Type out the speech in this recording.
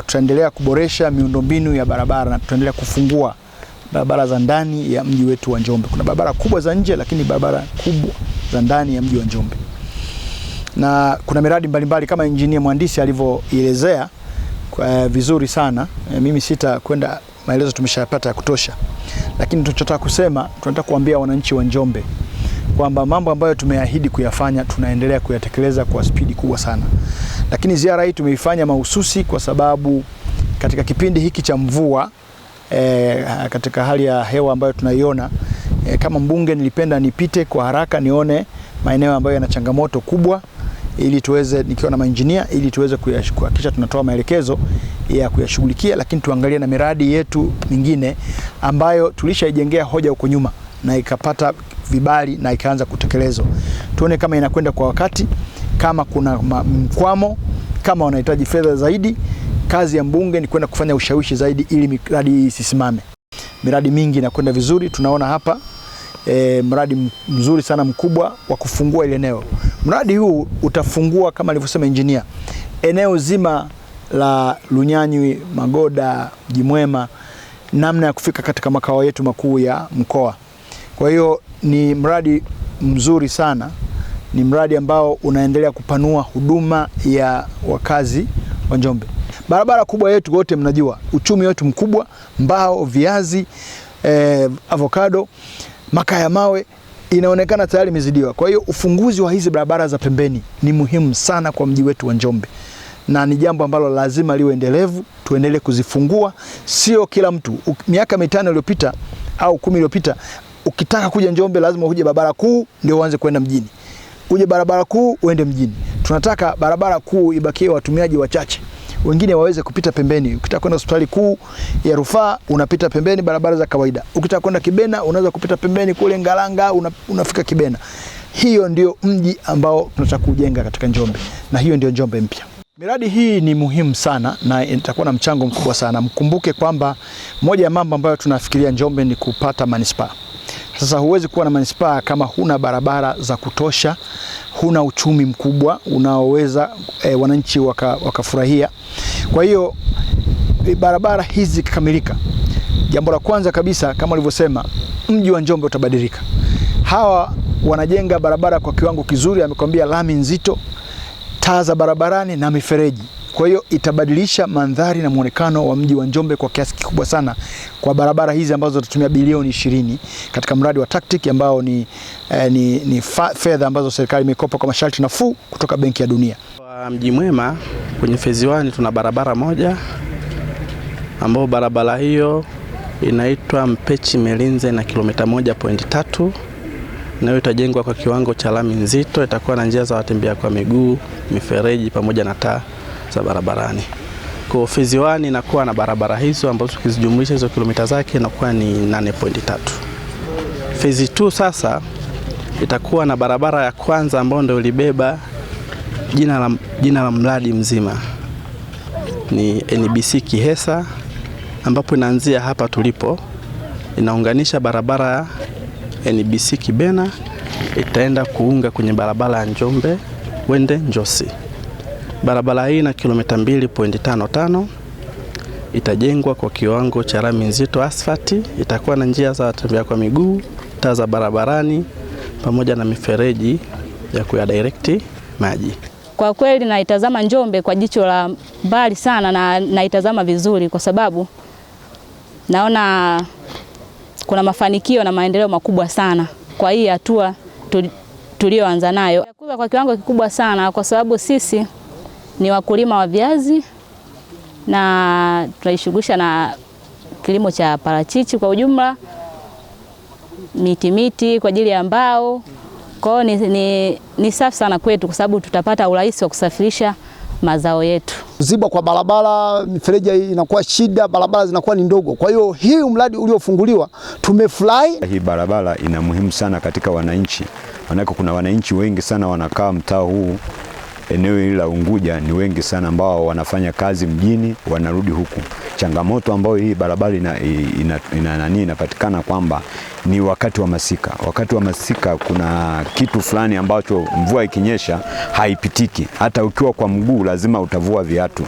Tutaendelea kuboresha miundombinu ya barabara na tutaendelea kufungua barabara za ndani ya mji wetu wa Njombe. Kuna barabara kubwa za nje, lakini barabara kubwa za ndani ya mji wa Njombe, na kuna miradi mbalimbali kama injinia mhandisi alivyoelezea eh, vizuri sana. Eh, mimi sita kwenda maelezo, tumeshayapata ya kutosha, lakini tunachotaka kusema, tunataka kuambia wananchi wa Njombe kwamba mambo ambayo tumeahidi kuyafanya tunaendelea kuyatekeleza kwa spidi kubwa sana, lakini ziara hii tumeifanya mahususi kwa sababu katika kipindi hiki cha mvua e, katika hali ya hewa ambayo tunaiona e, kama mbunge nilipenda nipite kwa haraka nione maeneo ambayo yana changamoto kubwa ili tuweze nikiwa na mainjinia ili tuweze kuhakikisha tunatoa maelekezo ya kuyashughulikia, lakini tuangalie na miradi yetu mingine ambayo tulishaijengea hoja huko nyuma na ikapata vibali na ikaanza kutekelezwa. Tuone kama inakwenda kwa wakati, kama kuna mkwamo, kama wanahitaji fedha zaidi. Kazi ya mbunge ni kwenda kufanya ushawishi zaidi ili miradi hii isisimame. Miradi mingi inakwenda vizuri, tunaona hapa e, mradi mzuri sana mkubwa wa kufungua ile eneo. Mradi huu utafungua kama alivyosema injinia, eneo zima la Lunyanywi, Magoda, Jimwema, namna ya kufika katika makao yetu makuu ya mkoa. Kwa hiyo ni mradi mzuri sana, ni mradi ambao unaendelea kupanua huduma ya wakazi wa Njombe. Barabara kubwa yetu wote mnajua, uchumi wetu mkubwa, mbao, viazi, eh, avocado, makaa ya mawe inaonekana tayari imezidiwa. Kwa hiyo ufunguzi wa hizi barabara za pembeni ni muhimu sana kwa mji wetu wa Njombe na ni jambo ambalo lazima liwe endelevu, tuendelee kuzifungua. Sio kila mtu, miaka mitano iliyopita au kumi iliyopita ukitaka kuja Njombe lazima uje barabara kuu ndio uanze kwenda mjini, uje barabara kuu uende mjini. Tunataka barabara kuu ibakie watumiaji wachache, wengine waweze kupita pembeni. Ukitaka kwenda hospitali kuu ya rufaa unapita pembeni, barabara za kawaida. Ukitaka kwenda Kibena unaweza kupita pembeni kule Ngalanga, una, unafika Kibena. Hiyo ndio mji ambao tunataka kujenga katika Njombe, na hiyo ndio Njombe mpya. Miradi hii ni muhimu sana na itakuwa na mchango mkubwa sana. Mkumbuke kwamba moja ya mambo ambayo tunafikiria Njombe ni kupata manispaa. Sasa huwezi kuwa na manispaa kama huna barabara za kutosha, huna uchumi mkubwa unaoweza e, wananchi wakafurahia waka. Kwa hiyo eh, barabara hizi zikikamilika, jambo la kwanza kabisa kama ulivyosema, mji wa Njombe utabadilika. Hawa wanajenga barabara kwa kiwango kizuri, amekwambia lami nzito, taa za barabarani na mifereji. Kwa hiyo itabadilisha mandhari na muonekano wa mji wa Njombe kwa kiasi kikubwa sana, kwa barabara hizi ambazo tutatumia bilioni ishirini katika mradi wa TACTIC ambao ni, eh, ni, ni fedha ambazo serikali imekopa kwa masharti nafuu kutoka Benki ya Dunia. Kwa Mji Mwema kwenye Phase 1 tuna barabara moja ambayo barabara hiyo inaitwa Mpechi Melinze na kilomita 1.3 nayo itajengwa kwa kiwango cha lami nzito, itakuwa na njia za watembea kwa miguu, mifereji pamoja na taa za barabarani. Kwa Phase 1 inakuwa na barabara hizo ambazo tukizijumlisha hizo kilomita zake inakuwa ni 8.3. Phase 2 sasa itakuwa na barabara ya kwanza ambayo ndio ilibeba jina la, jina la mradi mzima ni NBC Kihesa, ambapo inaanzia hapa tulipo, inaunganisha barabara ya NBC Kibena, itaenda kuunga kwenye barabara ya Njombe Wende Njosi. Barabara hii ina kilomita 2.55 itajengwa kwa kiwango cha rami nzito asfalti, itakuwa na njia za watembea kwa miguu taa za barabarani pamoja na mifereji ya kuyadirekti maji. Kwa kweli naitazama Njombe kwa jicho la mbali sana na naitazama vizuri kwa sababu naona kuna mafanikio na maendeleo makubwa sana kwa hii hatua tuliyoanza nayo. Kuwa kwa kiwango kikubwa sana kwa sababu sisi ni wakulima wa viazi na tunaishughulisha na kilimo cha parachichi kwa ujumla miti miti kwa ajili ya mbao. Kwa hiyo ni, ni, ni safi sana kwetu kwa sababu tutapata urahisi wa kusafirisha mazao yetu. Kuzibwa kwa barabara, mifereji inakuwa shida, barabara zinakuwa ni ndogo. Kwa hiyo hii mradi uliofunguliwa tumefurahi. Hii barabara ina muhimu sana katika wananchi, maanake kuna wananchi wengi sana wanakaa mtaa huu eneo hili la Unguja ni wengi sana ambao wanafanya kazi mjini wanarudi huku. Changamoto ambayo hii barabara ina ina, ina nani inapatikana kwamba ni wakati wa masika. Wakati wa masika kuna kitu fulani ambacho mvua ikinyesha haipitiki, hata ukiwa kwa mguu lazima utavua viatu.